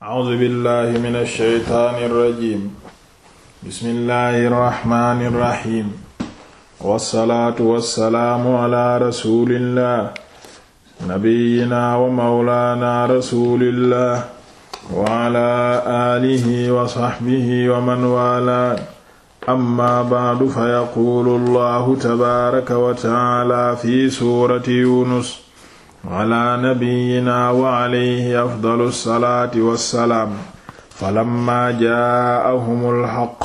a'uuzu billahi mina shaytaani rajiim bismillahi rahmaani rahiim wassalaatu wassalaamu ala rasulillah nabiyyina wa mawlaana rasulillah wa ala aalihi wa sahbihi wa man waalaa amma ba'du fa yaquulu allahu tabaaraka wa ta'aala fi suurati yunus ala nabiyyina wa alayhi afdalu salaati wassalaam falamma jaa'ahumul haqq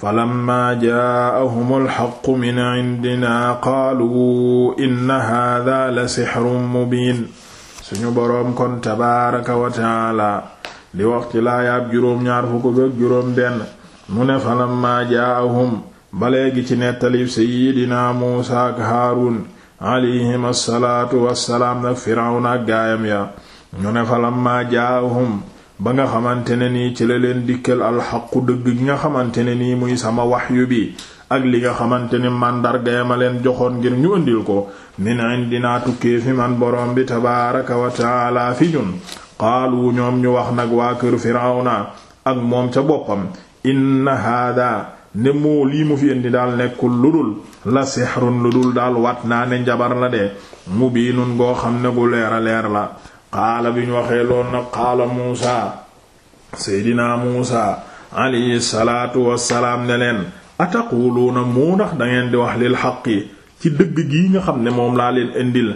falamma jaa'ahumul haqqu min 'indina qaaluu inna haadha la sihrun mubiin suñu boroom kon tabaaraka wa ta'aala di wax ci laayaab juróom-ñaar fukk ak juróom benn mu ne falamma jaa'ahum ba léegi ci nettalib sayyidina Muusaa ak Haaruun alayhim assalaatu wassalaam nag firawna ak gaayam ya ñu ne fa lamma jaahum ba nga xamante ne nii ci la leen dikkal alxaqu dëgg gi nga xamante ne nii muy sama waxyu bi ak li nga xamante ni màndargaya ma leen joxoon ngir ñu ëndil ko min indinaa tukkee fi man borom bi tabaaraka wa taala fi ñun qaalu ñoom ñu wax nag waa kër firawna ak moom ca boppam inna hada ne moo lii mu fi indi daal nekkul lu dul la sihrun lu dul daal wat naa ne njabar la de mu biinun goo xam ne gu leer a leer la xaala bi ñu waxee lool nag xaala muusa seydinaa muusa alayhi salaatu wassalaam ne leen ataquluuna mu ndax dangeen di wax lil yi ci dëgg gi nga xam ne moom laa leen indil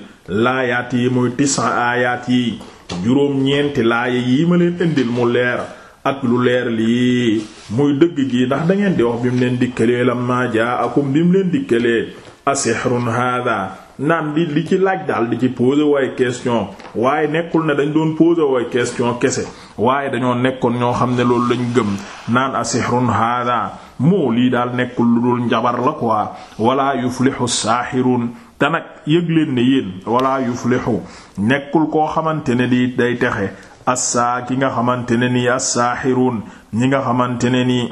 laayaat yi muy tisan aayaat yi juróom ñeenti laaya yi ma leen indil mu leer ak lu leer lii muy dëgg gi ndax dangeen ngeen di wax bi mu leen dikkalee lamma jaakum bi mu leen dikkalee asihrun hada naan di li ci laaj daal di ci poser waaye question waaye nekkul ne dañ doon poser waaye question kese waaye dañoo nekkoon ñoo xam ne loolu lañ gëm naan asihrun hada moo lii daal nekkul lu dul njabar la quoi wala yuflihu saaxirun te nag yëg ne yéen wala yuflihu nekkul koo xamante ne di day texe assaa ki nga xamante ne nii assaaxiruun ñi nga xamante ne nii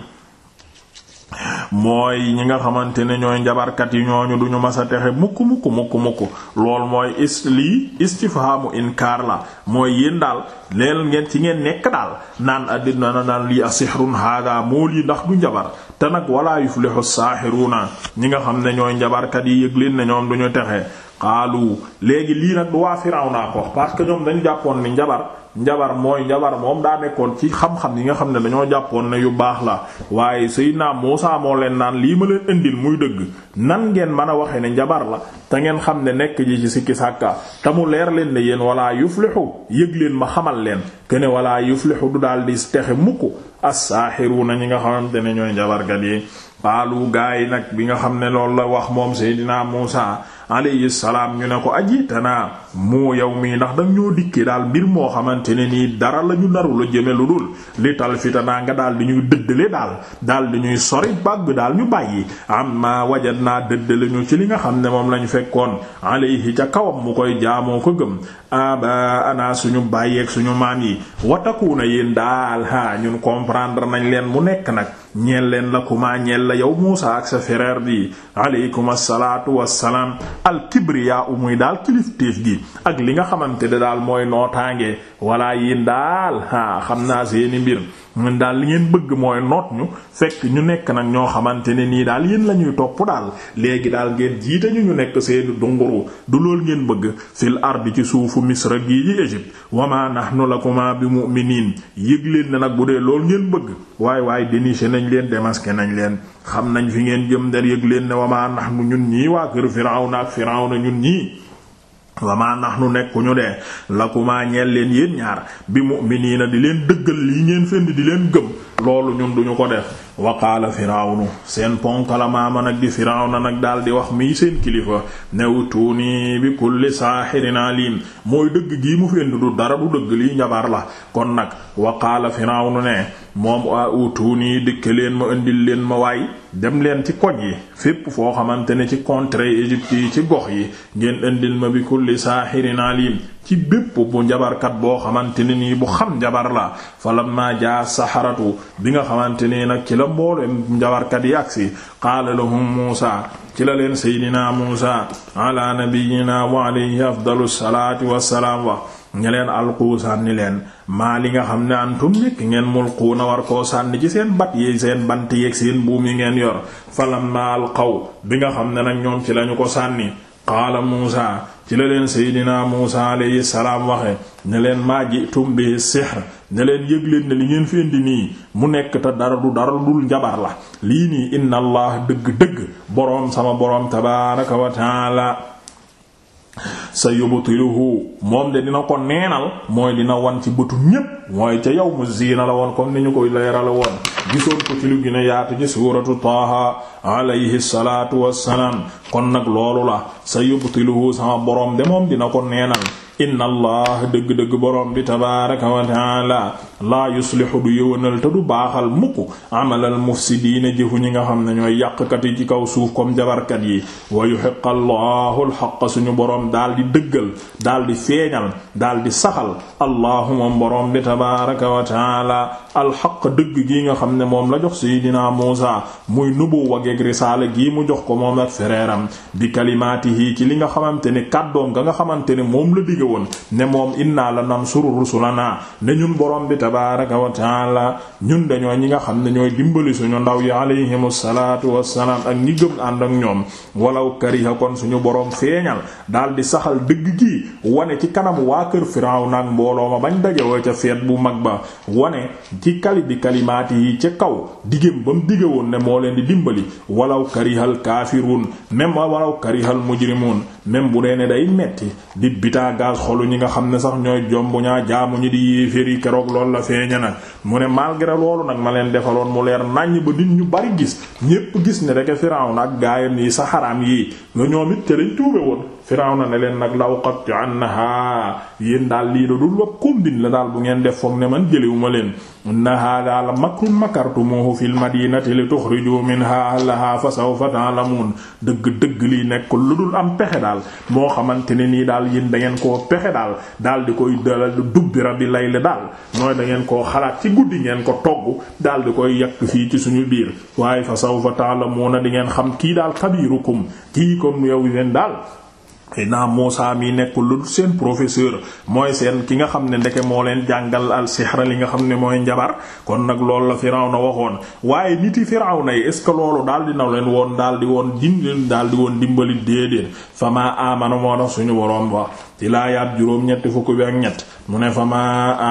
mooy ñi nga xamante ne ñooy njabarkat yi ñooñu duñu mas a texe mukk mukk mukk mukk lool mooy is lii istifhamu inkaar la mooy yéen daal leel ngeen ci ngeen nekk daal naan addina na naan lii asihrun hada moo lii ndax du njabar te nag wala yuflihu saaxiruuna ñi nga xam ne ñooy njabarkat yi yëg leen ne ñoom duñu texe xaalu léegi lii nag du waa Firawna ko parce que ñoom dañu jàppoon ni njabar njabar mooy njabar moom daa nekkoon ci xam-xam yi nga xam ne dañoo jàppoon ne yu baax la waaye Seydina Muusaa moo leen naan lii ma leen indil muy dëgg nan ngeen mën a waxee ne njabar la te ngeen xam ne nekk ji ci sikki sàkka te mu leer leen ne yéen walaa yuflixu yëg leen ma xamal leen ke ne walaa yuflixu du daal di texe mukk as-saaxiruuna ñi nga xamante ne ñooy njabarkat yi xaalu gaa yi nag bi nga xam ne loolu la wax moom Seydina Muusaa alayhi salaam ñu ne ko ajiitanaa mu yow mii ndax danga ñoo dikkee daal mbir moo xamante ne nii dara la ñu naru la jëme lu dul li tal fitanaa nga daal di ñuy dëddale daal daal di ñuy sori bàgg daal ñu bàyyi amma wajat naa dëddale ñu ci li nga xam ne moom lañu fekkoon alayhi ca kawam mu koy jaamoo ko gëm aba ana suñu bàyyeeg suñu maam yi na yéen daal ha ñun comprendre nañ leen mu nekk nag ñeel leen la kuma ñeel la yow Muusa ak sa frère bi aleykum asalaatu wassalaam alkibriya u muy daal kilifteef gi ak li nga xamante ne daal mooy nootaange walla yéen daal ah xam naa seeni mbir ñun daal li ngeen bëgg mooy noot ñu fekk ñu nekk nag ñoo xamante ne nii daal yéen la ñuy topp daal léegi daal ngeen jiite ñu ñu nekk seeni dunguru du lool ngeen bëgg fil ardi ci suufu misra gii yi Égypte wama nahnu lakuma bi mu'minin yëg leen ne nag bu dee lool ngeen bëgg waaye waaye déniché nañ leen démasqué nañ leen xam nañ fi ngeen jëm der yëg leen ne wama nahnu ñun ñii waa kër Firawna ak Firawna ñun ñii wamaa nahnu ñu de lakumaa ñeel leen yéen ñaar bi mu'miniina di leen dëggal lii ngeen fend di leen gëm loolu ñun duñu ko def waqaala firawnu seen ponkala maama nag di firawna nag daal di wax mii seen kilifa new tuuni bi kulli saaxirin mooy dëgg gii mu fend du dara du dëgg lii njabar la kon nag waqaala firawnu ne moom a utuuni dikk leen ma indil leen ma waay dem leen ci koj yi fépp foo xamante ne ci contrée Égypte yi ci gox yi ngeen indil ma bi kulli saaxirin alim ci bépp bu njabarkat boo xamante ne nii bu xam njabar la falamma jaa saxaratu bi nga xamante ne nag ci la mboolem njabarkat yi agsi qaala lahum Muusa ci la leen seydinaa Muusa ala nabiyina wa alayhi afdalu wa wassalaam wa ñe leen alqu sànni leen maa li nga xam ne antum nekk ngeen mulqu na war koo sànni ci seen bat yi seen bant yeeg seen buum yi ngeen yor falamma alqaw bi nga xam ne nag ñoom ci lañu ko sànni qaala Muusa ci la leen seydinaa Muusa alayhi salaam waxe ne leen maa jitum bi sihr ne leen yëg leen ne li ngeen fi indi nii mu nekk te dara du dara dul njabar la lii nii inna dëgg-dëgg boroom sama boroom tabaaraka wa taala sa yubtiluhu moom de dina ko neenal mooy dina wan ci bëtu ñépp mooy ca yawmu ziina la woon comme ni ñu koy leerale woon gisoon ko ci lu gën a yaatu ci suuratu taaha alayhi salaatu wassalaam kon nag loolu la sa yubtiluhu sama borom de moom dina ko neenal inna allah dëgg-dëgg borom bi tabaaraka wa taala laa yuslihu du yëwënal te du baaxal mukk amalal mufsidiina jëfu ñi nga xam ne ñooy yàqkat yi ci kaw suuf comme jabarkat yi wa yuhiqqa allahu alxaqa suñu borom daal di dëggal dal di feeñal dal di saxal allahuma borom bi tabaaraka wa taala alxaq dëgg gi nga xam ne moom la jox seydinaa muusa muy nubuwa geek risaala gi mu jox ko moom ak fereeram bi kalimaatihi ci li nga xamante kàddoom nga nga jóge woon ne moom inna la nansuru rusulana ne ñun borom bi tabaaraka wa taala ñun dañoo ñi nga xam ne ñooy dimbali suñu ndaw yi alayhimu salaatu wassalaam ak ñi gëm ànd ak ñoom walaw kariha kon suñu borom feeñal dal di saxal dëgg gi wane ci kanam waa kër Firawna ak mbooloo ma bañ dajewoo ca feet bu mag ba wane ci kali bi kalimaati yi ca kaw digéem ba mu woon ne moo leen di dimbali walaw karihal kaafiruun même walaw karihal mujrimuun même bu dee ne day metti di bitaa gaz xolu ñi nga xam ne sax ñooy jombu ñaa jaamu ñi di yi keroog loolu la feeña na mu ne malgré loolu nag ma leen defaloon mu leer nàññ ba nit ñu bari gis ñépp gis ne rek Firawna ak gaayam nii sa xaraam yi nga ñoom it te lañ tuube woon na ne leen nag law na annaha yéen daal lii da dul wap combine la daal bu ngeen def foog ne man jëliwuma leen inna hada la makrun makartumuhu fil madinati li tuxriju minha ahlaha fa sawfa ta'lamun dëgg dëgg lii nekk lu dul am pexe daal daal moo xamante ne nii daal yéen da ngeen koo pexe daal daal di koy dala dubbi rabbi lay la daal mooy da ngeen koo xalaat ci guddi ngeen ko togg daal di koy yàq fii ci suñu biir waaye fa sawfa ta'lamuna di ngeen xam kii daal kabirukum kii kon yow yéen daal naa Muusaa mi nekkul lu seen professeur mooy seen ki nga xam ne ndeke moo leen jàngal al sihra li nga xam ne mooy njabar kon nag loolu la na waxoon waaye nit yi Firawna yi est-ce que loolu daal di naw leen woon daal di woon din daal di woon dimbali déedéet fa maa amana moo tax suñu woroon wax ci laayaat juróom-ñetti fukk bi ak ñett mu ne fa ma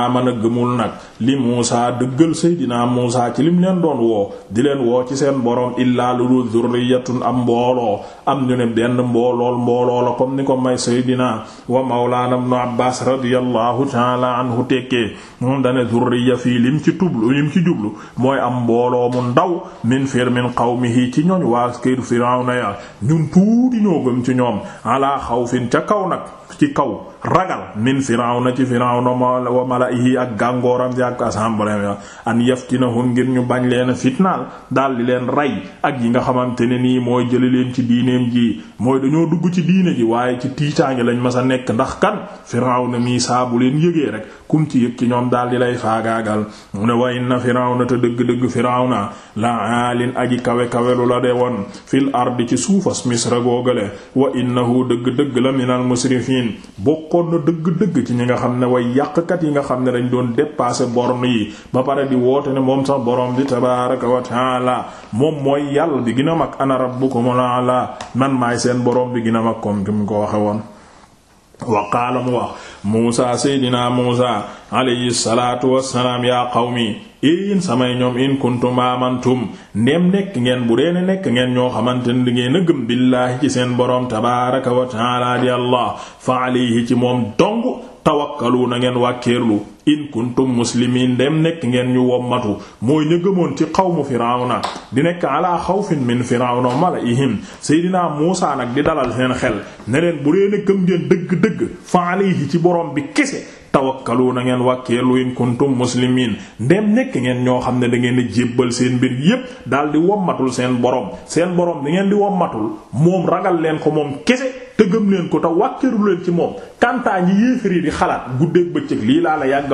amana gëmul nag li Muusaa dëggal Seydinaa Muusaa ci lim leen doon woo di leen woo ci seen boroom illaa lu dul zurriyatun am mbooloo am ñu ne benn mboolool mbooloo la comme ni ko may Seydinaa wa mawlaana ibnu Abbaas radiyallahu taala anhu tekkee moom dane zurriya fii lim ci tublu lim ci jublu mooy am mbooloo mu ndaw min fir min qawmihi ci ñooñ waa kër Firawna ya ñun tuuti ñoo gëm ci ñoom ala xawfin ca kaw nag ci kaw kaw ragal min firawna ci firawna wa malaihi ak gàngooram si ak assemblée ya an yaftinahum ngir ñu bañ leen fitnaal daal di leen rey ak yi nga xamante ne nii mooy jële leen ci diineem ji mooy dañoo dugg ci diine ji waaye ci tiitaange lañ mas a nekk ndax kan firawna mii saa bu leen yëgee rek kum ci yëg ci ñoom daal di lay faagaagal mu ne wa inna firawna te dëgg-dëgg firawna la alin aji kawe-kawelu la de woon fil ardi ci suufa misra googale wa innahu la minal musrifin bokkoon na dëgg-dëgg ci ñi nga xam ne way yàqkat yi nga xam ne dañ doon dépasser borne yi ba pare di woote ne moom sax borom bi tabaraka wa taala moom mooy yàlla bi gën a mag ana rabbukumul ala man maay seen borom bi gina a mag comme ki mu ko waxe woon waqaala mu wax muusa seydinaa muusa alayhi salaatu wassalaam yaa qawmi yéen samay ñoom in kuntum amantum ndem nekk ngeen bu deene nekk ngeen ñoo xamante ne a gëm billaahi ci seen boroom tabaaraka wa taala allah fa alayhi ci moom dong tawakkalu na ngeen wàkkeerlu in kuntum muslimin dem nekk ngeen ñu wommatu mooy ñu gëmoon ci xawmu firawna di nekk ala xawfin min firawna malaihim seydinaa muusa nag di dalal seen xel ne leen bu dee ne gëm ngeen dëgg-dëgg fa alayhi ci borom bi kese tawakkalu na ngeen wàkkeelu in kuntum muslimin ndem nekk ngeen ñoo xam ne da ngeen di jébbal seen mbir yépp daal di wommatul seen borom seen borom di ngeen di wommatul moom ragal leen ko moom kese te leen ko te wàkkeelu leen ci moom kantaa ñi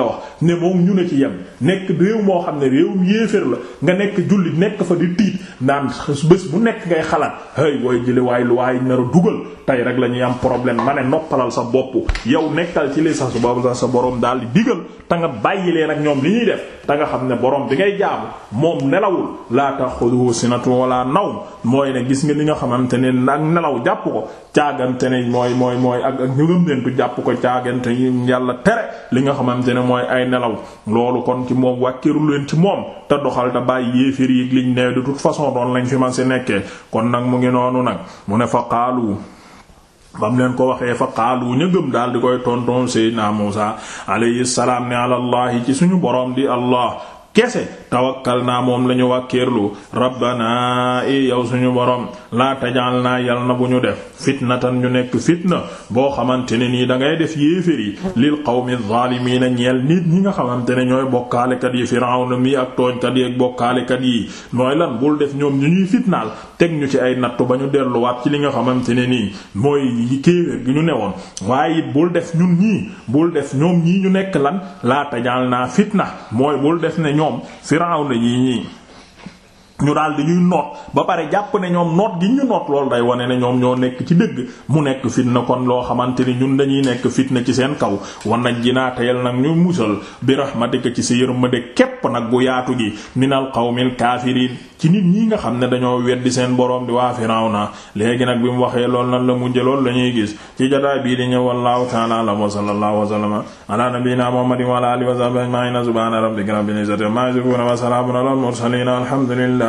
yàgg a wax ne moom ñu ne ci yem nekk réew moo xam ne réewum yéeféer la nga nekk jullit nekk fa di tiit naan bés bu nekk ngay xalaat hay wooy jële waay lu waay nar a dugal tey rek la ñuy am problème ma ne noppalal sa bopp yow nekkal ci li sax su boobu sa borom daal di digal te nga bàyyi leen ak ñoom li ñuy def te nga xam ne boroom bi ngay jaamu moom nelawul laa taxuduhu sinatu wala naw mooy ne gis nga li nga xamante ne ak nelaw jàpp ko caagante ne mooy mooy mooy ak ak ñu gëm mooy ay nelaw loolu kon ci moom wàkkiru leen ci moom te doxal te bàyyi yéefér yi liñ ne de toute façon doon lañ fi man si nekkee kon nag mu ngi noonu nag mu ne fa xaalu bam leen ko waxee fa xaalu ñu gëm daal di koy tontoon naa Muusa alayhi salaam ne alallahi ci suñu boroom di allah kese tawakkal naa moom la ñu wàkkeerlu rabbana i e yow suñu borom laa tajal naa yal na bu ñu def fitnatan ñu nekk fitna boo xamante ne nii da ngay def yéefér yi lil qawmi zaalimiina ñeel nit ñi nga xamante ne ñooy bokkaalekat yi firawna mi ak tooñkat yi ak bokkaalekat yi mooy lan bul def ñoom ñu ñuy fitnaal teg ñu ci ay nattu ba ñu delluwaat ci li nga xamante ne nii mooy kéewéer gi ñu ne woon waaye it bul def ñun ñii bul def ñoom ñii ñu nekk lan laata tajal naa fitna mooy bul def ne ñoom si Firawna yi ñii ñu daal di ñuy noot ba pare jàpp ne ñoom noot gi ñu noot loolu day wane ne ñoom ñoo nekk ci dëgg mu nekk fitna kon loo xamante ni ñun dañuy nekk fitna ci seen kaw wan nañ nag ñu musal bi rahmatika ci sa yërmande képp nag gu yaatu gi minal qawmil kaafiriin ci nit ñi nga xam ne dañoo weddi seen boroom di waa Firawna léegi nag bi mu waxee loolu nan la mujje loolu la gis ci jotaay bii di ñëw wallahu ta'ala a'lam wa sallallahu wa sallama